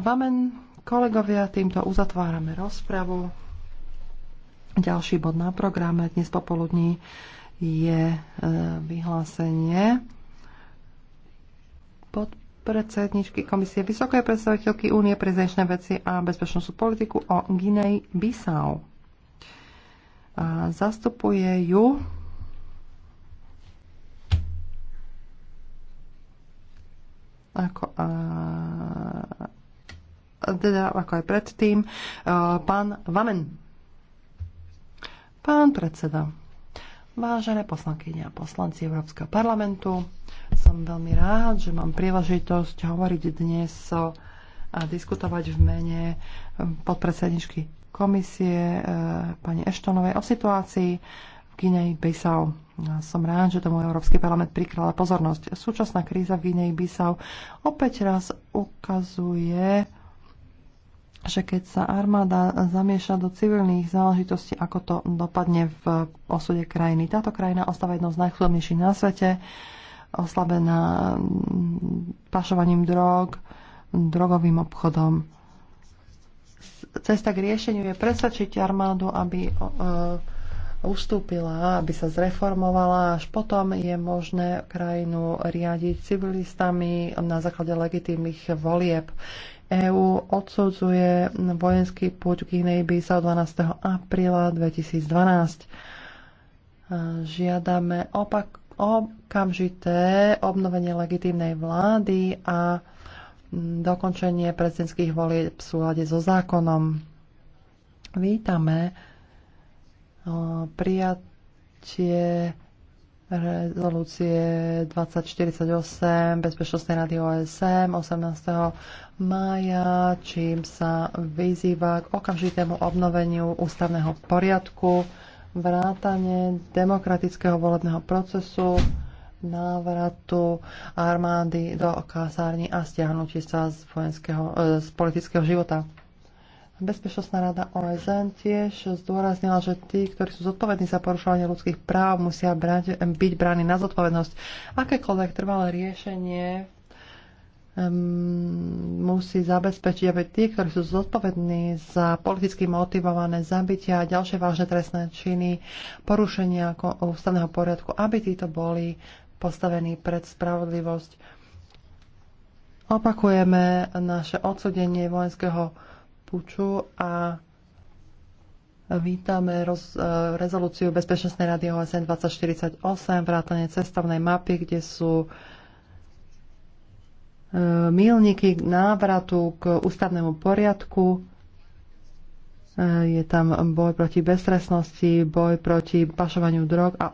Vamen, kolegovia, týmto uzatvárame rozpravu. Ďalší bod na programe dnes popoludní je e, vyhlásenie podpredsedničky Komisie Vysokej predstaviteľky Únie pre zahraničné veci a bezpečnostnú politiku o Ginej Bissau. A zastupuje ju ako a, teda ako aj predtým, e, pán Vamen. Pán predseda, vážené poslankyne a poslanci Európskeho parlamentu, som veľmi rád, že mám príležitosť hovoriť dnes a diskutovať v mene e, podpredsedničky komisie e, pani Eštonovej o situácii v Ginej Bissau. Som rád, že tomu Európsky parlament prikrala pozornosť. Súčasná kríza v Ginej Bissau opäť raz ukazuje, že keď sa armáda zamieša do civilných záležitostí, ako to dopadne v osude krajiny. Táto krajina ostáva jednou z najchudobnejších na svete, oslabená pašovaním drog, drogovým obchodom. Cesta k riešeniu je presvedčiť armádu, aby e, ustúpila, aby sa zreformovala, až potom je možné krajinu riadiť civilistami na základe legitímnych volieb. EÚ odsudzuje vojenský púť k Inej sa 12. apríla 2012. E, žiadame opak, okamžité obnovenie legitímnej vlády a dokončenie prezidentských volieb v súlade so zákonom. Vítame prijatie rezolúcie 2048 Bezpečnostnej rady OSM 18. mája, čím sa vyzýva k okamžitému obnoveniu ústavného poriadku, vrátane demokratického volebného procesu, návratu armády do kasárny a stiahnutie sa z, vojenského, e, z politického života. Bezpečnostná rada OSN tiež zdôraznila, že tí, ktorí sú zodpovední za porušovanie ľudských práv, musia brať, byť bráni na zodpovednosť. Akékoľvek trvalé riešenie musí zabezpečiť, aby tí, ktorí sú zodpovední za politicky motivované zabitia a ďalšie vážne trestné činy, porušenia ústavného poriadku, aby títo boli postavení pred spravodlivosť. Opakujeme naše odsudenie vojenského puču a vítame roz, e, rezolúciu Bezpečnostnej rady OSN 2048, vrátane cestovnej mapy, kde sú e, milníky k návratu k ústavnému poriadku. E, je tam boj proti bezstresnosti, boj proti pašovaniu drog a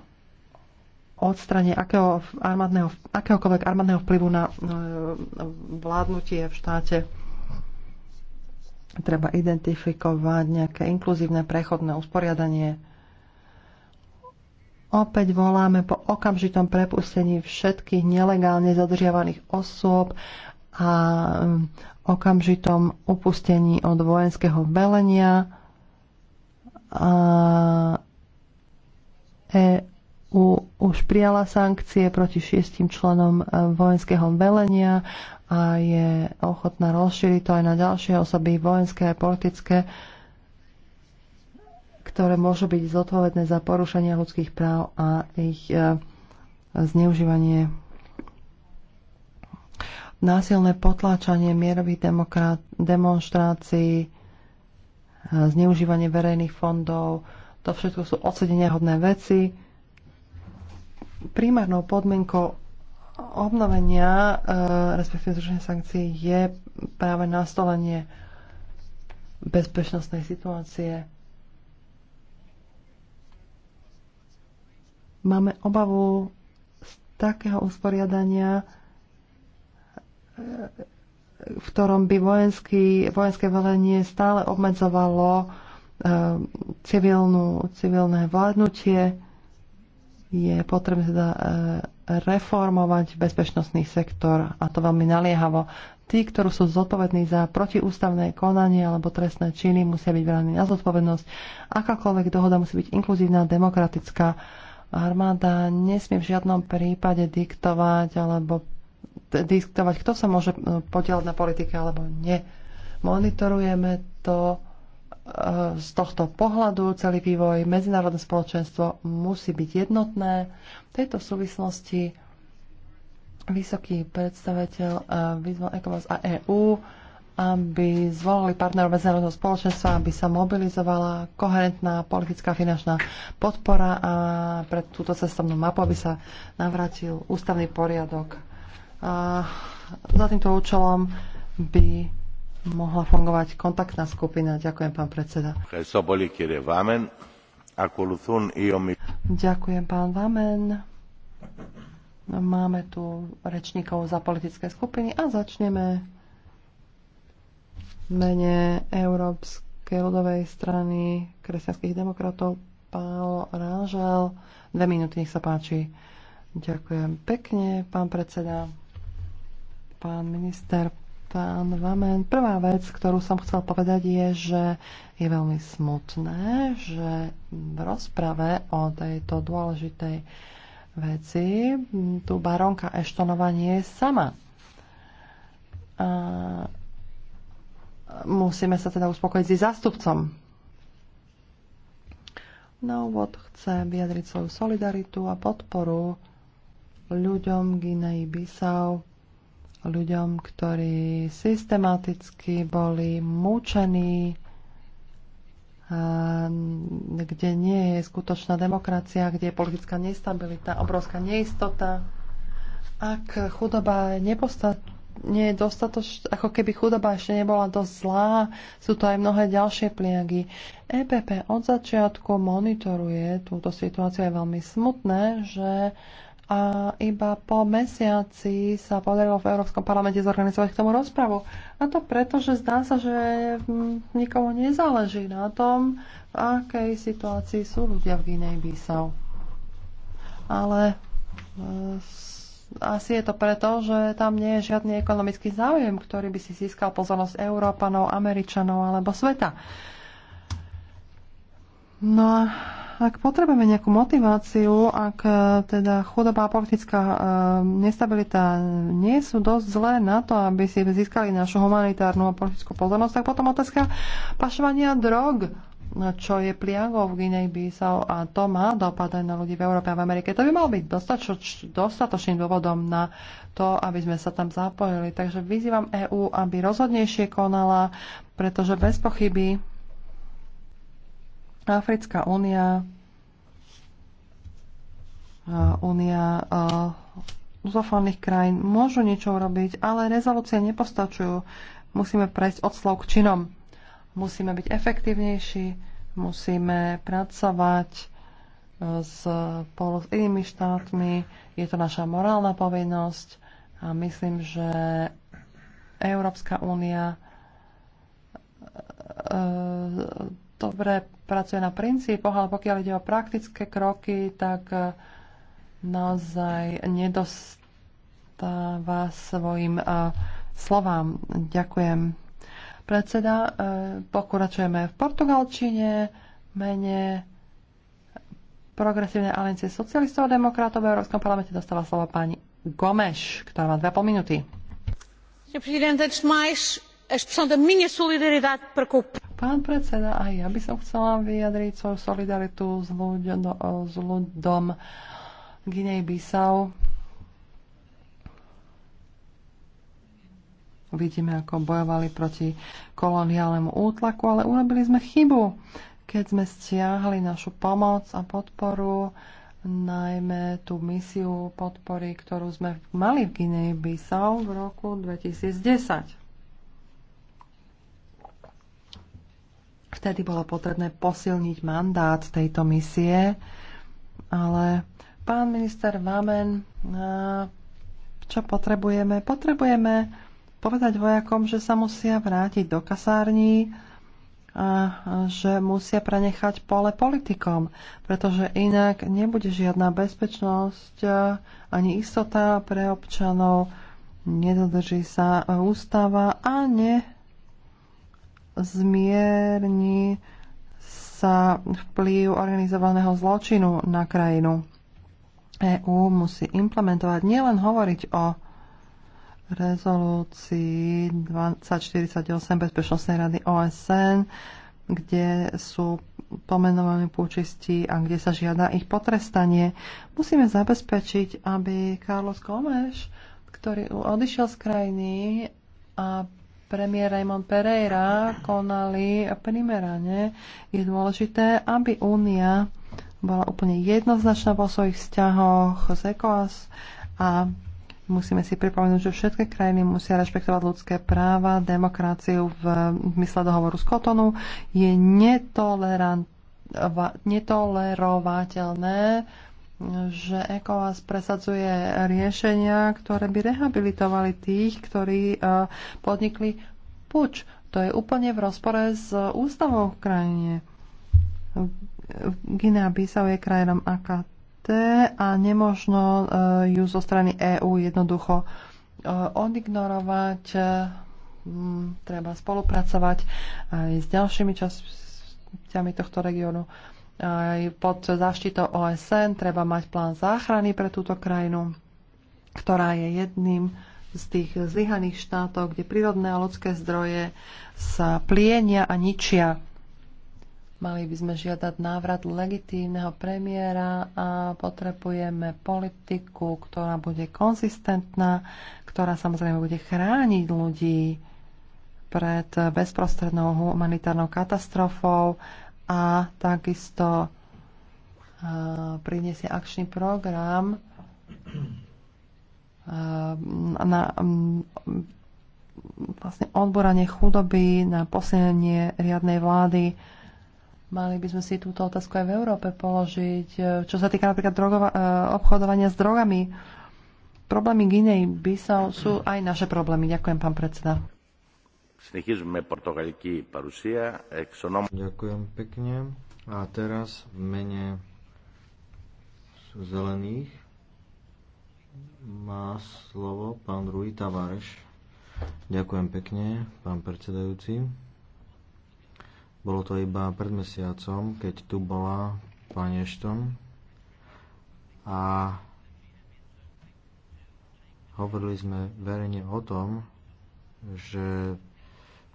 odstranie akého armádneho, akéhokoľvek armádneho vplyvu na vládnutie v štáte. Treba identifikovať nejaké inkluzívne prechodné usporiadanie. Opäť voláme po okamžitom prepustení všetkých nelegálne zadržiavaných osôb a um, okamžitom upustení od vojenského velenia. A e, EÚ už prijala sankcie proti šiestim členom e, vojenského velenia a je ochotná rozšíriť to aj na ďalšie osoby vojenské a politické, ktoré môžu byť zodpovedné za porušenie ľudských práv a ich e, zneužívanie. Násilné potláčanie mierových demonstrácií, e, zneužívanie verejných fondov, to všetko sú odsedenia hodné veci primárnou podmienkou obnovenia, eh, respektíve zrušenia sankcií, je práve nastolenie bezpečnostnej situácie. Máme obavu z takého usporiadania, eh, v ktorom by vojenský, vojenské velenie stále obmedzovalo eh, civilnú, civilné vládnutie, je potrebné teda e, reformovať bezpečnostný sektor a to veľmi naliehavo. Tí, ktorí sú zodpovední za protiústavné konanie alebo trestné činy, musia byť vraní na zodpovednosť. Akákoľvek dohoda musí byť inkluzívna, demokratická. Armáda nesmie v žiadnom prípade diktovať alebo diktovať, kto sa môže e, podielať na politike alebo nie. Monitorujeme to z tohto pohľadu celý vývoj medzinárodné spoločenstvo musí byť jednotné. V tejto súvislosti vysoký predstaviteľ eh, vyzval ECOWAS a EÚ, aby zvolili partnerov medzinárodného spoločenstva, aby sa mobilizovala koherentná politická finančná podpora a pre túto cestovnú mapu, aby sa navrátil ústavný poriadok. A za týmto účelom by mohla fungovať kontaktná skupina. Ďakujem, pán predseda. Ďakujem, pán Vamen. Máme tu rečníkov za politické skupiny a začneme mene Európskej ľudovej strany kresťanských demokratov pán Rážel. Dve minúty, nech sa páči. Ďakujem pekne, pán predseda, pán minister, pán Vamen. Prvá vec, ktorú som chcel povedať, je, že je veľmi smutné, že v rozprave o tejto dôležitej veci tu baronka Eštonova nie je sama. A musíme sa teda uspokojiť s zástupcom. Na úvod chce vyjadriť svoju solidaritu a podporu ľuďom Ginei Bissau, ľuďom, ktorí systematicky boli mučení, kde nie je skutočná demokracia, kde je politická nestabilita, obrovská neistota. Ak chudoba neposta- nie je dostatoč, ako keby chudoba ešte nebola dosť zlá, sú to aj mnohé ďalšie pliagy. EPP od začiatku monitoruje túto situáciu, je veľmi smutné, že a iba po mesiaci sa podarilo v Európskom parlamente zorganizovať k tomu rozpravu. A to preto, že zdá sa, že nikomu nezáleží na tom, v akej situácii sú ľudia v Ginej Bissau. Ale e, asi je to preto, že tam nie je žiadny ekonomický záujem, ktorý by si získal pozornosť Európanov, Američanov alebo sveta. No a ak potrebujeme nejakú motiváciu, ak e, teda chudoba a politická e, nestabilita nie sú dosť zlé na to, aby si získali našu humanitárnu a politickú pozornosť, tak potom otázka pašovania drog čo je pliago v Guinei Bissau a to má dopad aj na ľudí v Európe a v Amerike. To by mal byť dostatočným dôvodom na to, aby sme sa tam zapojili. Takže vyzývam EÚ, aby rozhodnejšie konala, pretože bez pochyby Africká únia, únia zofálnych krajín môžu niečo urobiť, ale rezolúcie nepostačujú. Musíme prejsť od slov k činom. Musíme byť efektívnejší, musíme pracovať e, spolu s inými štátmi. Je to naša morálna povinnosť a myslím, že Európska únia e, e, dobre pracuje na princípoch, ale pokiaľ ide o praktické kroky, tak e, naozaj nedostáva svojim e, slovám. Ďakujem. Predseda, e, pokračujeme v portugalčine, mene Progresívnej aliancie socialistov a demokratov v Európskom parlamente dostáva slovo pani Gomeš, ktorá má dve pol minúty. Pán predseda, aj ja by som chcela vyjadriť svoju solidaritu s, ľuď, s ľudom Ginej Bisau. Vidíme, ako bojovali proti koloniálnemu útlaku, ale urobili sme chybu, keď sme stiahli našu pomoc a podporu, najmä tú misiu podpory, ktorú sme mali v Ginej Bisau v roku 2010. Vtedy bolo potrebné posilniť mandát tejto misie, ale pán minister Vamen, čo potrebujeme? Potrebujeme povedať vojakom, že sa musia vrátiť do kasární a že musia prenechať pole politikom, pretože inak nebude žiadna bezpečnosť ani istota pre občanov, nedodrží sa ústava a ne zmierni sa vplyv organizovaného zločinu na krajinu. EÚ musí implementovať, nielen hovoriť o rezolúcii 2048 Bezpečnostnej rady OSN, kde sú pomenovaní púčisti a kde sa žiada ich potrestanie. Musíme zabezpečiť, aby Carlos Gomes, ktorý odišiel z krajiny, a premiér Raymond Pereira konali primerane, je dôležité, aby Únia bola úplne jednoznačná vo svojich vzťahoch z ECOAS a musíme si pripomenúť, že všetky krajiny musia rešpektovať ľudské práva, demokraciu v mysle dohovoru z Kotonu. Je netolerant, netolerovateľné že ECOWAS presadzuje riešenia, ktoré by rehabilitovali tých, ktorí e, podnikli puč. To je úplne v rozpore s ústavou v krajine. Guinea Bissau je krajinom AKT a nemožno e, ju zo strany EÚ jednoducho e, odignorovať. Treba spolupracovať aj s ďalšími časťami tohto regiónu aj pod záštitou OSN, treba mať plán záchrany pre túto krajinu, ktorá je jedným z tých zlyhaných štátov, kde prírodné a ľudské zdroje sa plienia a ničia. Mali by sme žiadať návrat legitímneho premiéra a potrebujeme politiku, ktorá bude konzistentná, ktorá samozrejme bude chrániť ľudí pred bezprostrednou humanitárnou katastrofou a takisto e, priniesie akčný program e, na vlastne odboranie chudoby, na posilnenie riadnej vlády. Mali by sme si túto otázku aj v Európe položiť. E, čo sa týka napríklad drogova- obchodovania s drogami, problémy Ginej by sa, sú aj naše problémy. Ďakujem, pán predseda. Ďakujem pekne. A teraz v mene zelených má slovo pán Rui Tavareš. Ďakujem pekne, pán predsedajúci. Bolo to iba pred mesiacom, keď tu bola pani Ešton a hovorili sme verejne o tom, že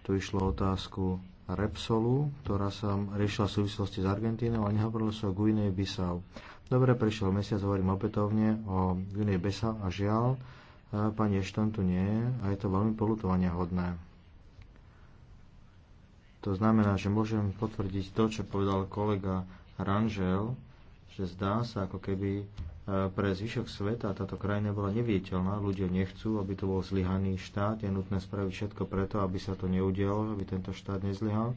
tu išlo otázku Repsolu, ktorá sa riešila v súvislosti s Argentínou a nehovorilo sa o Guinej Bissau. Dobre, prešiel mesiac, hovorím opätovne o Guinej Bissau a žiaľ, e, pani Ešton tu nie je a je to veľmi polutovania hodné. To znamená, že môžem potvrdiť to, čo povedal kolega Rangel, že zdá sa, ako keby pre zvyšok sveta táto krajina bola neviditeľná, ľudia nechcú, aby to bol zlyhaný štát, je nutné spraviť všetko preto, aby sa to neudialo, aby tento štát nezlyhal.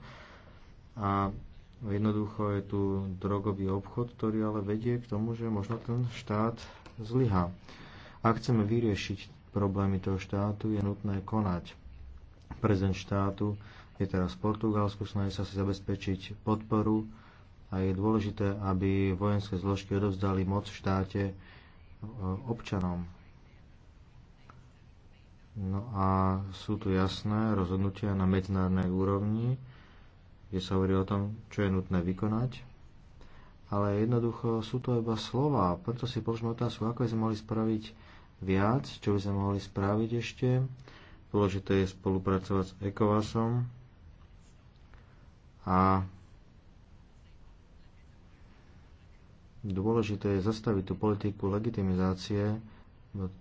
A jednoducho je tu drogový obchod, ktorý ale vedie k tomu, že možno ten štát zlyhá. Ak chceme vyriešiť problémy toho štátu, je nutné konať. Prezident štátu je teraz v Portugalsku, snaží sa si zabezpečiť podporu a je dôležité, aby vojenské zložky odovzdali moc v štáte e, občanom. No a sú tu jasné rozhodnutia na medzinárodnej úrovni, kde sa hovorí o tom, čo je nutné vykonať. Ale jednoducho sú to iba slova, preto si položme otázku, ako by sme mohli spraviť viac, čo by sme mohli spraviť ešte. Dôležité je spolupracovať s ECOWASom a Dôležité je zastaviť tú politiku legitimizácie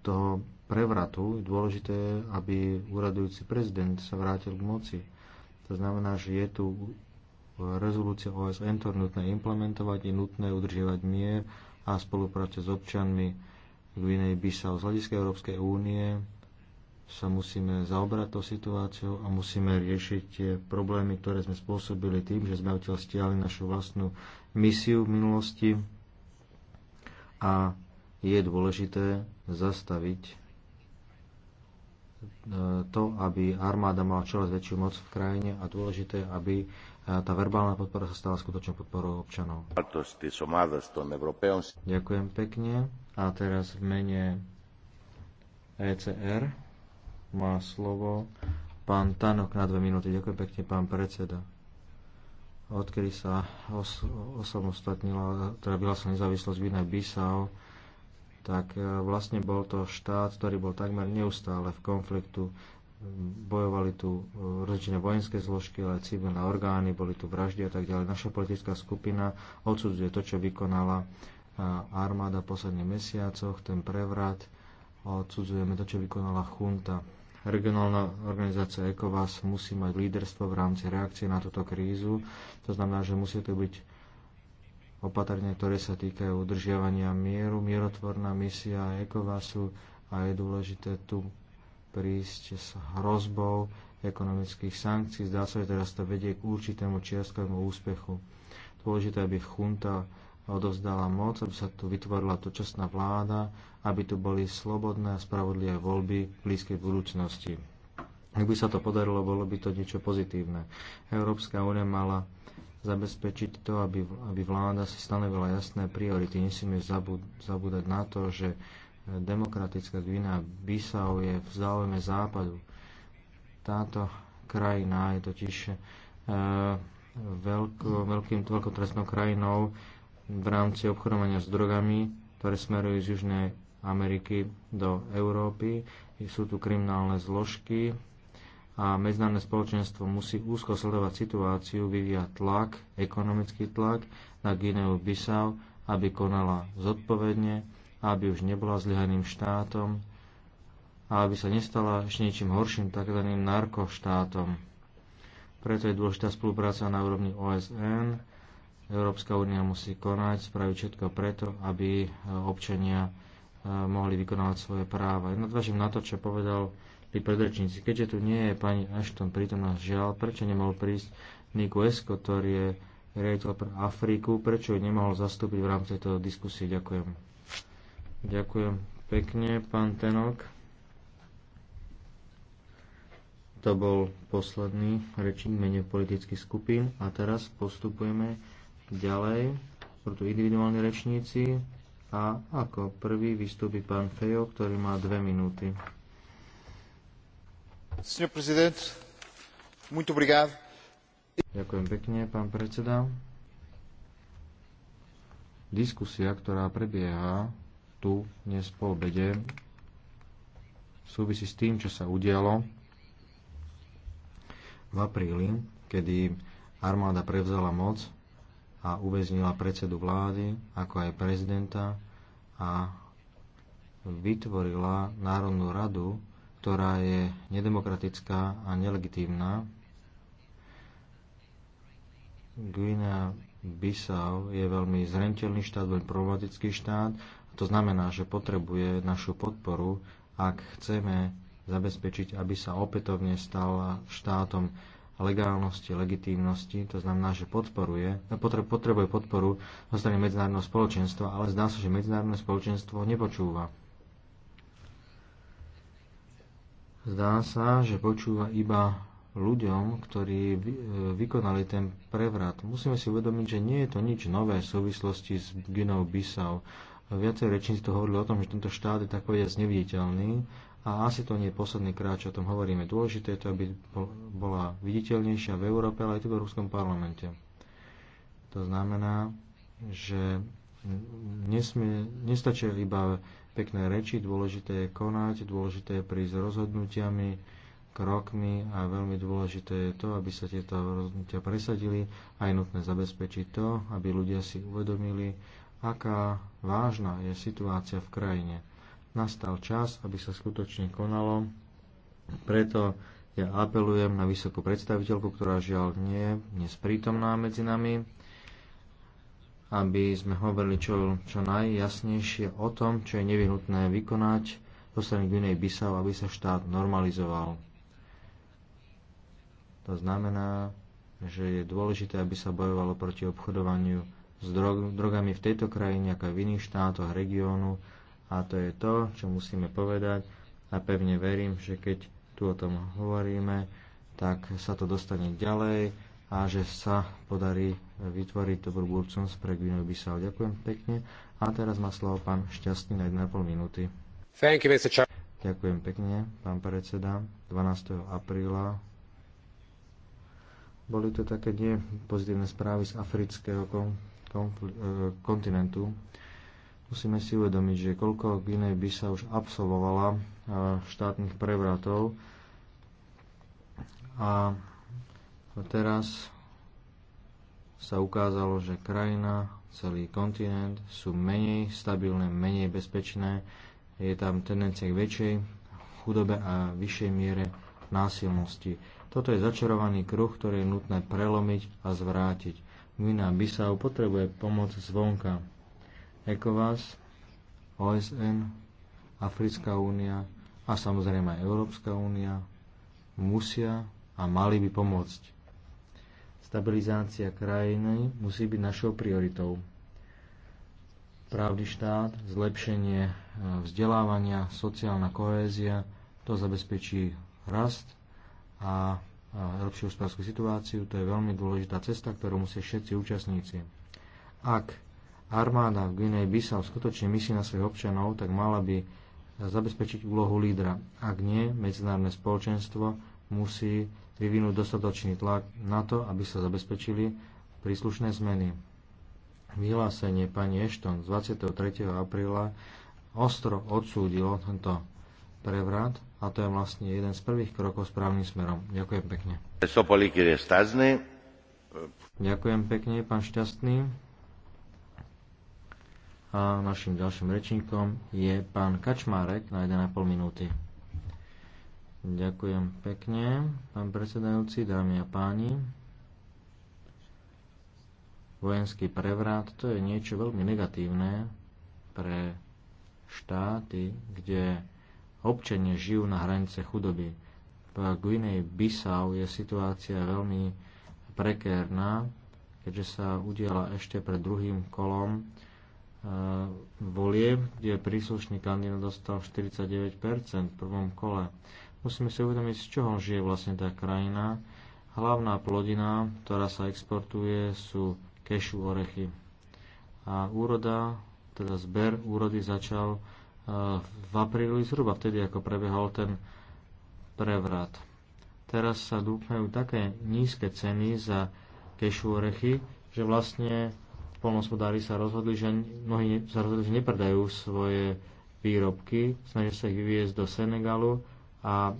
toho prevratu. Dôležité je, aby úradujúci prezident sa vrátil k moci. To znamená, že je tu rezolúcia OSN, ktorú nutné implementovať, je nutné udržiavať mier a spolupráce s občanmi Gvinej Bissau. Z hľadiska Európskej únie sa musíme zaobrať tou situáciou a musíme riešiť tie problémy, ktoré sme spôsobili tým, že sme odtiaľ stiali našu vlastnú misiu v minulosti a je dôležité zastaviť e, to, aby armáda mala čoraz väčšiu moc v krajine a dôležité, aby e, tá verbálna podpora sa stala skutočnou podporou občanov. Ďakujem pekne. A teraz v mene ECR má slovo pán Tanok na dve minúty. Ďakujem pekne, pán predseda odkedy sa os- osamostatnila, teda sa nezávislosť Gvine Bissau, tak e, vlastne bol to štát, ktorý bol takmer neustále v konfliktu. Bojovali tu e, rozličné vojenské zložky, ale aj civilné orgány, boli tu vraždy a tak ďalej. Naša politická skupina odsudzuje to, čo vykonala e, armáda v posledných mesiacoch, ten prevrat, odsudzujeme to, čo vykonala chunta. Regionálna organizácia ECOVAS musí mať líderstvo v rámci reakcie na túto krízu. To znamená, že musí to byť opatrenia, ktoré sa týkajú udržiavania mieru, mierotvorná misia ECOVASu a je dôležité tu prísť s hrozbou ekonomických sankcií. Zdá sa, že teraz to vedie k určitému čiastkovému úspechu. Dôležité, aby chunta odovzdala moc, aby sa tu vytvorila dočasná vláda, aby tu boli slobodné a spravodlivé voľby v blízkej budúcnosti. Ak by sa to podarilo, bolo by to niečo pozitívne. Európska únia mala zabezpečiť to, aby, aby vláda si stanovila jasné priority. Nesmieme zabúdať na to, že demokratická Gvina Bisau je v záujme západu. Táto krajina je totiž e, veľko, veľkým, veľkotrestnou krajinou v rámci obchodovania s drogami, ktoré smerujú z Južnej Ameriky do Európy. Sú tu kriminálne zložky a medzinárodné spoločenstvo musí úzko sledovať situáciu, vyvíjať tlak, ekonomický tlak na Guineu Bissau, aby konala zodpovedne, aby už nebola zlyhaným štátom a aby sa nestala ešte niečím horším, tzv. narkoštátom. Preto je dôležitá spolupráca na úrovni OSN, Európska únia musí konať, spraviť všetko preto, aby e, občania e, mohli vykonávať svoje práva. Ja nadvážim na to, čo povedal pri predrečníci. Keďže tu nie je pani Ashton prítomná, žiaľ, prečo nemohol prísť Niku Esko, ktorý je riaditeľ pre Afriku, prečo ju nemohol zastúpiť v rámci tejto diskusie. Ďakujem. Ďakujem pekne, pán Tenok. To bol posledný rečník menej politických skupín a teraz postupujeme Ďalej sú tu individuálni rečníci a ako prvý vystúpi pán Fejo, ktorý má dve minúty. Ďakujem pekne, pán predseda. Diskusia, ktorá prebieha tu dnes po obede, súvisí s tým, čo sa udialo v apríli, kedy armáda prevzala moc a uväznila predsedu vlády, ako aj prezidenta a vytvorila Národnú radu, ktorá je nedemokratická a nelegitímna. Guinea Bissau je veľmi zrentelný štát, veľmi problematický štát. To znamená, že potrebuje našu podporu, ak chceme zabezpečiť, aby sa opätovne stala štátom legálnosti, legitímnosti, to znamená, že podporuje, potrebuje podporu zo strany medzinárodného spoločenstva, ale zdá sa, že medzinárodné spoločenstvo nepočúva. Zdá sa, že počúva iba ľuďom, ktorí e, vykonali ten prevrat. Musíme si uvedomiť, že nie je to nič nové v súvislosti s Ginou Bissau. Viacej rečníci to hovorili o tom, že tento štát je tak povediať neviditeľný a asi to nie je posledný krát, čo o tom hovoríme. Dôležité je to, aby bola viditeľnejšia v Európe, ale aj tu v Európskom parlamente. To znamená, že nesmie, nestačia iba pekné reči, dôležité je konať, dôležité je prísť rozhodnutiami, krokmi a veľmi dôležité je to, aby sa tieto rozhodnutia presadili a je nutné zabezpečiť to, aby ľudia si uvedomili, aká vážna je situácia v krajine nastal čas, aby sa skutočne konalo. Preto ja apelujem na vysokú predstaviteľku, ktorá žiaľ nie dnes prítomná medzi nami, aby sme hovorili čo, čo najjasnejšie o tom, čo je nevyhnutné vykonať zo strany Guinei Bissau, aby sa štát normalizoval. To znamená, že je dôležité, aby sa bojovalo proti obchodovaniu s drog- drogami v tejto krajine, ako aj v iných štátoch regiónu, a to je to, čo musíme povedať a pevne verím, že keď tu o tom hovoríme, tak sa to dostane ďalej a že sa podarí vytvoriť dobrú budúcnosť pre Gvineu Bissau. Ďakujem pekne. A teraz má slovo pán Šťastný na 1,5 minúty. Thank you, Mr. Ďakujem pekne, pán predseda. 12. apríla boli to také nie pozitívne správy z afrického eh, kontinentu. Musíme si uvedomiť, že koľko Guinea by sa už absolvovala eh, štátnych prevratov a teraz sa ukázalo, že krajina, celý kontinent sú menej stabilné, menej bezpečné, je tam tendencia k väčšej chudobe a vyššej miere násilnosti. Toto je začarovaný kruh, ktorý je nutné prelomiť a zvrátiť. Gvina Bissau potrebuje pomoc zvonka. ECOWAS, OSN, Africká únia a samozrejme aj Európska únia musia a mali by pomôcť. Stabilizácia krajiny musí byť našou prioritou. Právny štát, zlepšenie e, vzdelávania, sociálna kohézia, to zabezpečí rast a lepšiu hospodárskú situáciu. To je veľmi dôležitá cesta, ktorú musia všetci účastníci. Ak armáda v Gvinej Bissau skutočne myslí na svojich občanov, tak mala by zabezpečiť úlohu lídra. Ak nie, medzinárodné spoločenstvo musí vyvinúť dostatočný tlak na to, aby sa zabezpečili príslušné zmeny. Vyhlásenie pani Ešton z 23. apríla ostro odsúdilo tento prevrat a to je vlastne jeden z prvých krokov správnym smerom. Ďakujem pekne. Ďakujem pekne, pán Šťastný. A našim ďalším rečníkom je pán Kačmárek na 1,5 minúty. Ďakujem pekne, pán predsedajúci, dámy a páni. Vojenský prevrat to je niečo veľmi negatívne pre štáty, kde občania žijú na hranice chudoby. V Guinej Bissau je situácia veľmi prekérna, keďže sa udiala ešte pred druhým kolom Eh, volieb, kde príslušný kandidát dostal 49% v prvom kole. Musíme si uvedomiť, z čoho žije vlastne tá krajina. Hlavná plodina, ktorá sa exportuje, sú kešu orechy. A úroda, teda zber úrody začal eh, v apríli zhruba vtedy, ako prebehol ten prevrat. Teraz sa dúfajú také nízke ceny za kešu orechy, že vlastne polnospodári sa rozhodli, že mnohí sa rozhodli, že nepredajú svoje výrobky, snažia sa ich vyviezť do Senegalu a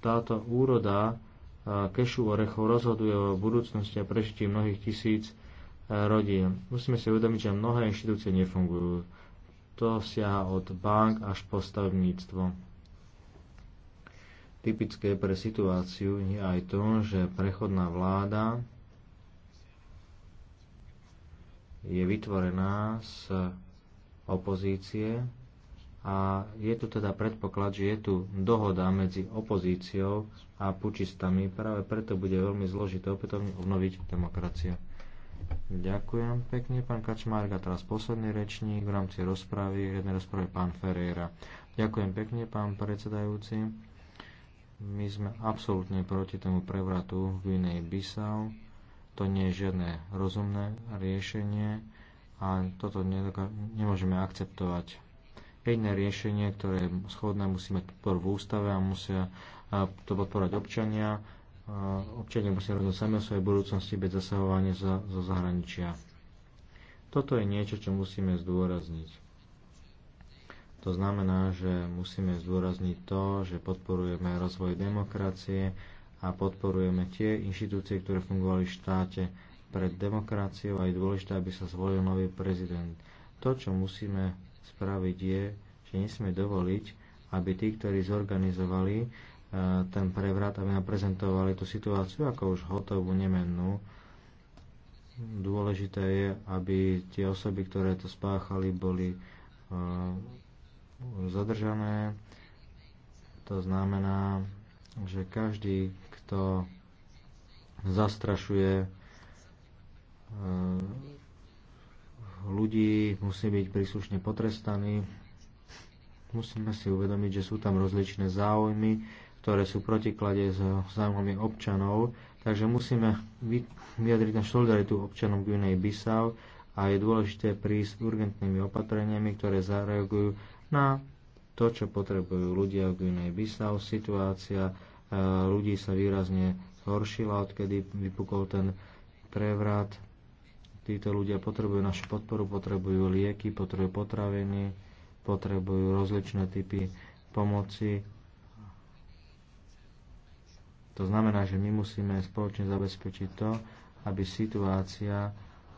táto úroda kešu orechov rozhoduje o budúcnosti a prežití mnohých tisíc e, rodín. Musíme si uvedomiť, že mnohé inštitúcie nefungujú. To siaha od bank až po stavebníctvo. Typické pre situáciu je aj to, že prechodná vláda je vytvorená z opozície a je tu teda predpoklad, že je tu dohoda medzi opozíciou a pučistami. Práve preto bude veľmi zložité opätovne obnoviť demokraciu. Ďakujem pekne, pán Kačmárk. A teraz posledný rečník v rámci rozpravy, jednej rozpravy pán Ferreira. Ďakujem pekne, pán predsedajúci. My sme absolútne proti tomu prevratu v inej Bissau to nie je žiadne rozumné riešenie a toto nemôžeme akceptovať. Jediné riešenie, ktoré je schodné, musí mať podporu v ústave a musia to podporovať občania. Občania musia rozhodnúť sami o svojej budúcnosti bez zasahovania zo za, za zahraničia. Toto je niečo, čo musíme zdôrazniť. To znamená, že musíme zdôrazniť to, že podporujeme rozvoj demokracie a podporujeme tie inštitúcie, ktoré fungovali v štáte pred demokraciou a je dôležité, aby sa zvolil nový prezident. To, čo musíme spraviť, je, že nesme dovoliť, aby tí, ktorí zorganizovali e, ten prevrat, aby nám prezentovali tú situáciu ako už hotovú, nemennú. Dôležité je, aby tie osoby, ktoré to spáchali, boli e, zadržané. To znamená, že každý, to zastrašuje e, ľudí, musí byť príslušne potrestaný. Musíme si uvedomiť, že sú tam rozličné záujmy, ktoré sú protiklade s záujmami občanov, takže musíme vyjadriť na solidaritu občanom Guinej Bissau a je dôležité prísť urgentnými opatreniami, ktoré zareagujú na to, čo potrebujú ľudia v Guinej Bissau. Situácia E, ľudí sa výrazne zhoršila, odkedy vypukol ten prevrat. Títo ľudia potrebujú našu podporu, potrebujú lieky, potrebujú potraviny, potrebujú rozličné typy pomoci. To znamená, že my musíme spoločne zabezpečiť to, aby situácia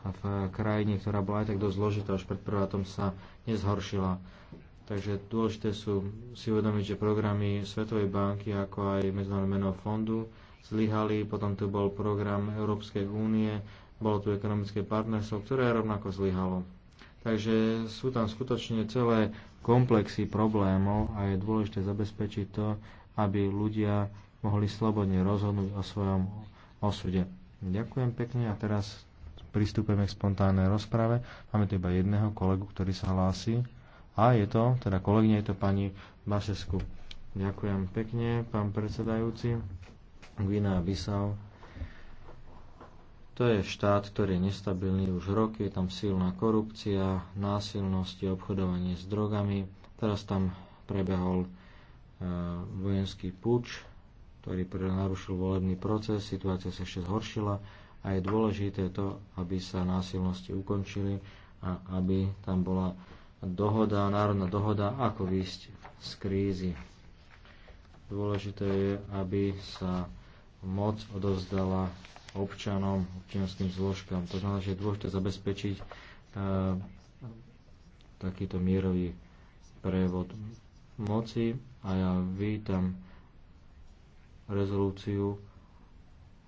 v krajine, ktorá bola aj tak dosť zložitá už pred prvátom, sa nezhoršila. Takže dôležité sú si uvedomiť, že programy Svetovej banky ako aj Medzinárodného fondu zlyhali, potom tu bol program Európskej únie, bolo tu ekonomické partnerstvo, ktoré rovnako zlyhalo. Takže sú tam skutočne celé komplexy problémov a je dôležité zabezpečiť to, aby ľudia mohli slobodne rozhodnúť o svojom osude. Ďakujem pekne a teraz pristúpime k spontánnej rozprave. Máme tu iba jedného kolegu, ktorý sa hlási. A je to, teda kolegyne, je to pani Bašesku. Ďakujem pekne, pán predsedajúci. Gvina Bisau. To je štát, ktorý je nestabilný už roky, je tam silná korupcia, násilnosti, obchodovanie s drogami. Teraz tam prebehol e, vojenský puč, ktorý narušil volebný proces, situácia sa ešte zhoršila a je dôležité to, aby sa násilnosti ukončili a aby tam bola dohoda, národná dohoda, ako výjsť z krízy. Dôležité je, aby sa moc odovzdala občanom, občianským zložkám. To znamená, že je dôležité zabezpečiť e, takýto mierový prevod moci a ja vítam rezolúciu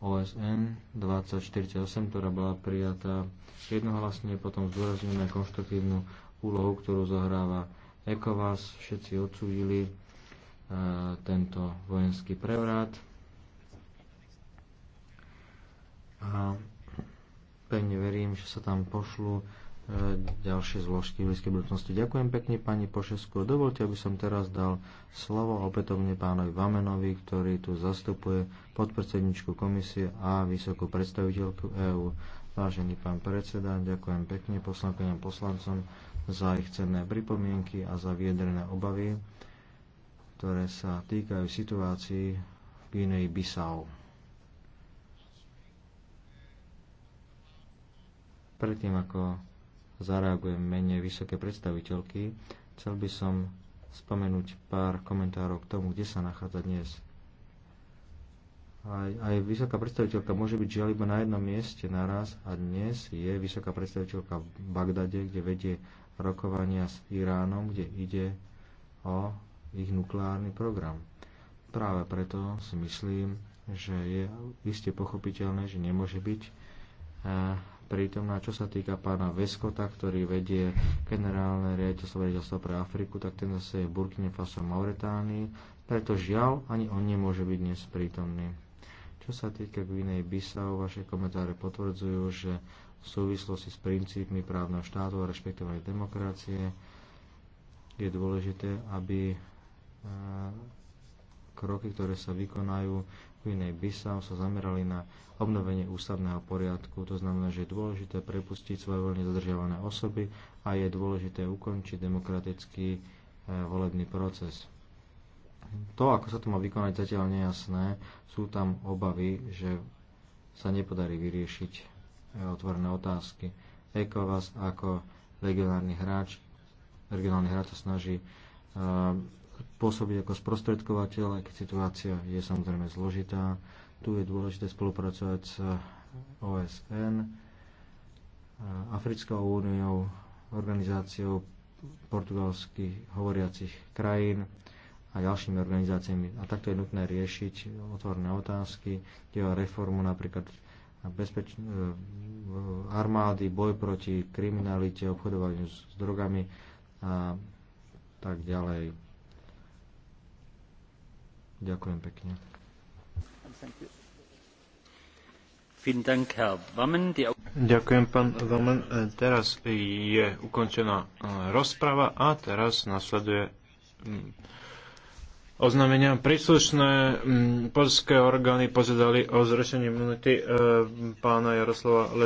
OSN 2048, ktorá bola prijatá jednohlasne, potom zdôrazňujeme konštruktívnu úlohu, ktorú zohráva ECOWAS. Všetci odsúdili e, tento vojenský prevrat. A pevne verím, že sa tam pošlu e, ďalšie zložky v blízkej budúcnosti. Ďakujem pekne pani Pošesku. Dovolte, aby som teraz dal slovo opätovne pánovi Vamenovi, ktorý tu zastupuje podpredsedničku komisie a vysokú predstaviteľku EÚ. Vážený pán predseda, ďakujem pekne poslankyňam poslancom za ich cenné pripomienky a za vyjadrené obavy, ktoré sa týkajú situácií v Guinei Bissau. Predtým, ako zareagujem mene vysoké predstaviteľky, chcel by som spomenúť pár komentárov k tomu, kde sa nachádza dnes aj, aj vysoká predstaviteľka môže byť žiaľ iba na jednom mieste naraz a dnes je vysoká predstaviteľka v Bagdade, kde vedie rokovania s Iránom, kde ide o ich nukleárny program. Práve preto si myslím, že je iste pochopiteľné, že nemôže byť eh, prítomná. Čo sa týka pána Veskota, ktorý vedie generálne riaditeľstvo riaditeľstva pre Afriku, tak ten zase je Burkine Faso Mauretánii, preto žiaľ ani on nemôže byť dnes prítomný. Čo sa týka Gvinej BISA, vaše komentáre potvrdzujú, že v súvislosti s princípmi právneho štátu a rešpektovanie demokracie. Je dôležité, aby e, kroky, ktoré sa vykonajú v inej Bissau, sa zamerali na obnovenie ústavného poriadku. To znamená, že je dôležité prepustiť svoje voľne zadržiavané osoby a je dôležité ukončiť demokratický e, volebný proces. To, ako sa to má vykonať, zatiaľ nejasné. Sú tam obavy, že sa nepodarí vyriešiť E, otvorené otázky. vás ako regionálny hráč, regionálny hráč sa snaží e, pôsobiť ako sprostredkovateľ, aj keď situácia je samozrejme zložitá. Tu je dôležité spolupracovať s OSN, e, Africkou úniou, organizáciou portugalských hovoriacich krajín a ďalšími organizáciami. A takto je nutné riešiť otvorné otázky, kde reformu napríklad bezpeč... E, armády, boj proti kriminalite, obchodovaniu s, s drogami a tak ďalej. Ďakujem pekne. Ďakujem, pán Vamen. E, teraz je ukončená e, rozprava a teraz nasleduje oznámenia. Príslušné mm, polské orgány požiadali o zrušenie imunity e, pána Jaroslava Lesa.